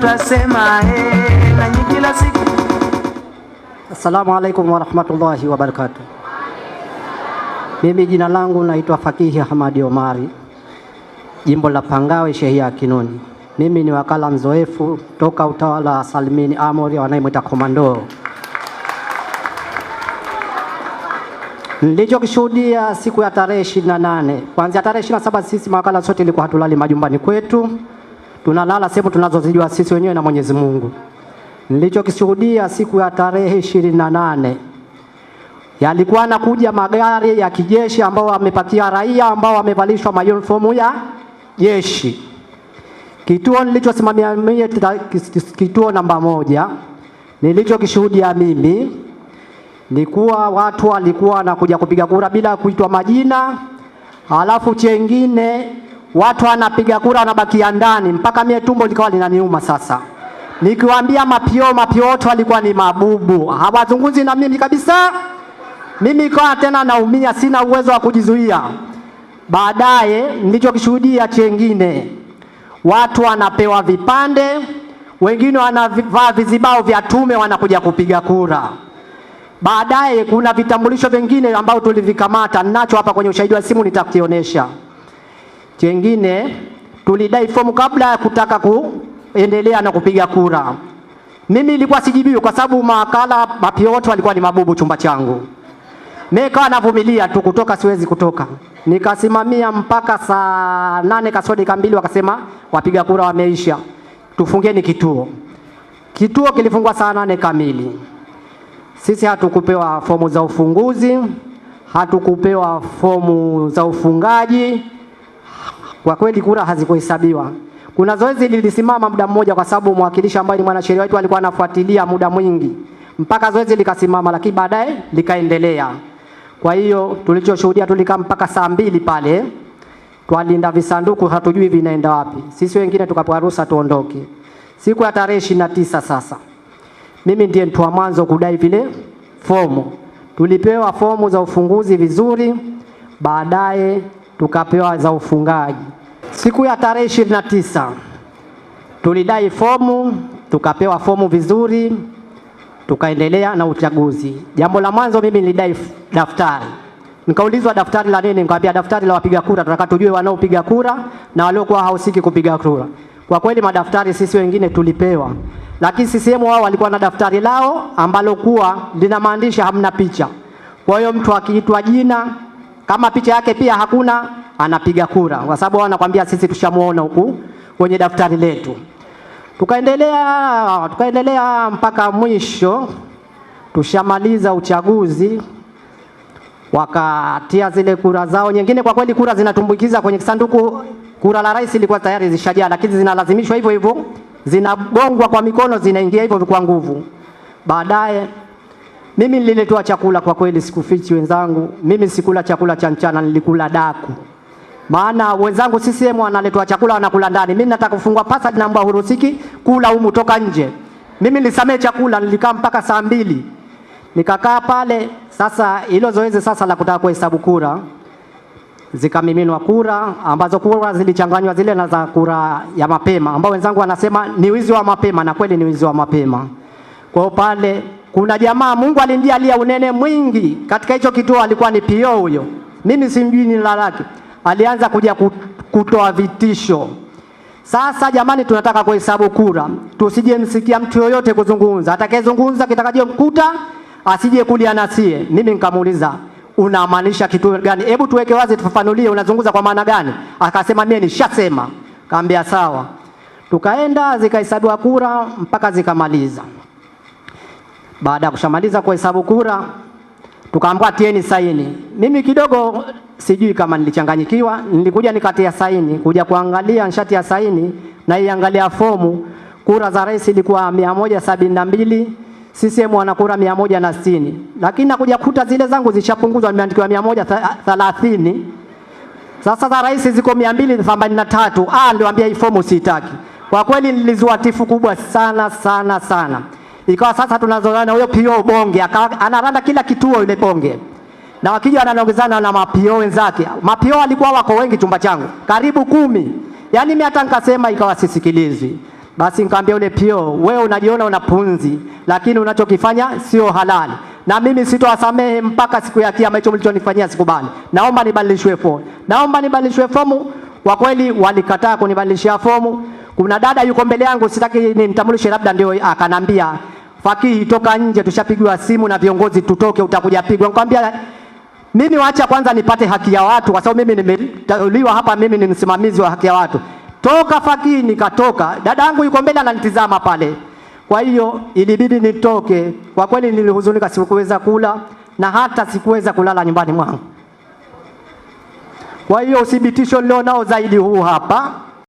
twasema nanyi kila siku. Assalamu alaikum warahmatullahi wabarakatuh. Mimi jina langu naitwa Fakihi Hamadi Omari, jimbo la Pangawe, shehia ya Kinuni. Mimi ni wakala mzoefu toka utawala wa Salmini Amori wanayemwita komando. Nilichokishuhudia siku ya tarehe 28 kuanzia tarehe 27, sisi mawakala sote ilikuwa hatulali majumbani kwetu tunalala sehemu tunazozijua sisi wenyewe na Mwenyezi Mungu. Nilichokishuhudia siku ya tarehe ishirini na nane yalikuwa nakuja magari ya kijeshi ambao wamepatia raia ambao wamevalishwa mauniformu ya jeshi. Kituo nilichosimamia mimi, kituo namba moja, nilichokishuhudia mimi ni kuwa watu walikuwa wanakuja kupiga kura bila kuitwa majina, alafu chengine watu wanapiga kura wanabakia ndani, mpaka mie tumbo likawa linaniuma sasa. Nikiwaambia mapio mapio wote walikuwa ni mabubu, hawazungumzi na mimi kabisa. Mimi ikawa tena naumia, sina uwezo wa kujizuia. Baadaye nilichokishuhudia chengine, watu wanapewa vipande, wengine wanavaa vizibao vya tume, wanakuja kupiga kura. Baadaye kuna vitambulisho vingine ambao tulivikamata, ninacho hapa kwenye ushahidi wa simu, nitakionyesha. Chengine tulidai fomu kabla ya kutaka kuendelea na kupiga kura. Mimi nilikuwa sijibiwi kwa sababu mawakala mapi wote walikuwa ni mabubu chumba changu. Mimi kawa navumilia tu, kutoka siwezi kutoka, nikasimamia mpaka saa nane kasodi kambili mbili, wakasema wapiga kura wameisha, tufungeni kituo. Kituo kilifungwa saa nane kamili. Sisi hatukupewa fomu za ufunguzi, hatukupewa fomu za ufungaji kwa kweli kura hazikuhesabiwa. Kuna zoezi lilisimama muda mmoja, kwa sababu mwakilishi ambaye ni mwanasheria wetu alikuwa anafuatilia muda mwingi mpaka zoezi likasimama, lakini baadaye likaendelea. Kwa hiyo tulichoshuhudia, tulikaa mpaka saa mbili pale, twalinda visanduku, hatujui vinaenda wapi. Sisi wengine tukapewa ruhusa tuondoke. Siku ya tarehe ishirini na tisa sasa mimi ndiye mtu wa mwanzo kudai vile fomu. Tulipewa fomu za ufunguzi vizuri, baadaye tukapewa za ufungaji. Siku ya tarehe 29 tulidai fomu, tukapewa fomu vizuri, tukaendelea na uchaguzi. Jambo la mwanzo mimi nilidai daftari, nikaulizwa daftari la nini? Nikamwambia daftari la wapiga kura, tunataka tujue wanaopiga kura na waliokuwa hausiki kupiga kura. Kwa kweli madaftari sisi wengine tulipewa, lakini CCM wao walikuwa na daftari lao ambalo kuwa lina maandishi, hamna picha. Kwa hiyo mtu akiitwa jina kama picha yake pia hakuna anapiga kura, kwa sababu wanakwambia sisi tushamuona huku kwenye daftari letu. Tukaendelea tukaendelea mpaka mwisho, tushamaliza uchaguzi, wakatia zile kura zao nyingine. Kwa kweli kura zinatumbukiza kwenye kisanduku. Kura la rais ilikuwa tayari zishajaa, lakini zinalazimishwa hivyo hivyo, zinagongwa kwa mikono, zinaingia hivyo kwa nguvu. Baadaye mimi nililetewa chakula, kwa kweli sikufichi wenzangu, mimi sikula chakula cha mchana, nilikula daku maana wenzangu CCM wanaletwa chakula wanakula ndani. Mimi nataka kufungua passage, naomba huruhusiki kula humu, toka nje. Mimi nilisamee chakula, nilikaa mpaka saa mbili nikakaa pale. Sasa hilo zoezi sasa la kutaka kuhesabu kura, zikamiminwa kura ambazo kura zilichanganywa zile na za kura ya mapema, ambao wenzangu wanasema ni wizi wa mapema, na kweli ni wizi wa mapema. Kwa hiyo pale kuna jamaa Mungu alinjalia unene mwingi katika hicho kituo, alikuwa ni PO huyo, mimi simjui ni lalaki alianza kuja kutoa vitisho. Sasa jamani, tunataka kuhesabu kura, tusijemsikia mtu yoyote kuzungumza. Atakayezungumza kitakachomkuta asije kulia nasie. Mimi nikamuuliza unamaanisha kitu gani? Hebu tuweke wazi, tufafanulie, unazungumza kwa maana gani? Akasema mimi nishasema. Kaambia sawa, tukaenda zikahesabiwa kura mpaka zikamaliza. Baada ya kushamaliza kuhesabu kura, tukaambiwa tieni saini. Mimi kidogo sijui kama nilichanganyikiwa, nilikuja nikatia saini kuja kuangalia nshati ya saini na iangalia fomu. Kura za rais ilikuwa mia moja sabini na mbili CCM wana kura mia moja na sitini lakini nakuja kuta zile zangu zishapunguzwa, nimeandikiwa mia moja thalathini Sasa za rais ziko mia mbili themanini na tatu Ah, niliwaambia hii fomu siitaki. Kwa kweli nilizua tifu kubwa sana sana sana, ikawa sasa tunazoana, huyo pio bonge anaranda kila kituo yule bonge na wakija wananongezana na mapio wenzake. Mapio walikuwa wako wengi chumba changu, karibu kumi. Yaani mimi hata nikasema ikawa sisikilizwi. Basi nikamwambia yule pio, wewe unajiona una punzi, lakini unachokifanya sio halali, na mimi sitowasamehe mpaka siku ya Kiyama. Hicho mlichonifanyia sikubali, naomba nibadilishwe fomu, naomba nibadilishwe fomu. Kwa kweli walikataa kunibadilishia fomu. Kuna dada yuko mbele yangu, sitaki nimtambulishe, labda ndio akanambia, Fakihi, toka nje, tushapigwa simu na viongozi, tutoke, utakuja pigwa. Nikamwambia mimi wacha kwanza nipate haki ya watu, kwa sababu mimi nimeteuliwa hapa, mimi ni msimamizi wa haki ya watu. Toka fakii nikatoka, dada yangu yuko mbele ananitizama pale, kwa hiyo ilibidi nitoke. Kwa kweli nilihuzunika, sikuweza kula na hata sikuweza kulala nyumbani mwangu. Kwa hiyo uthibitisho leo nao zaidi huu hapa.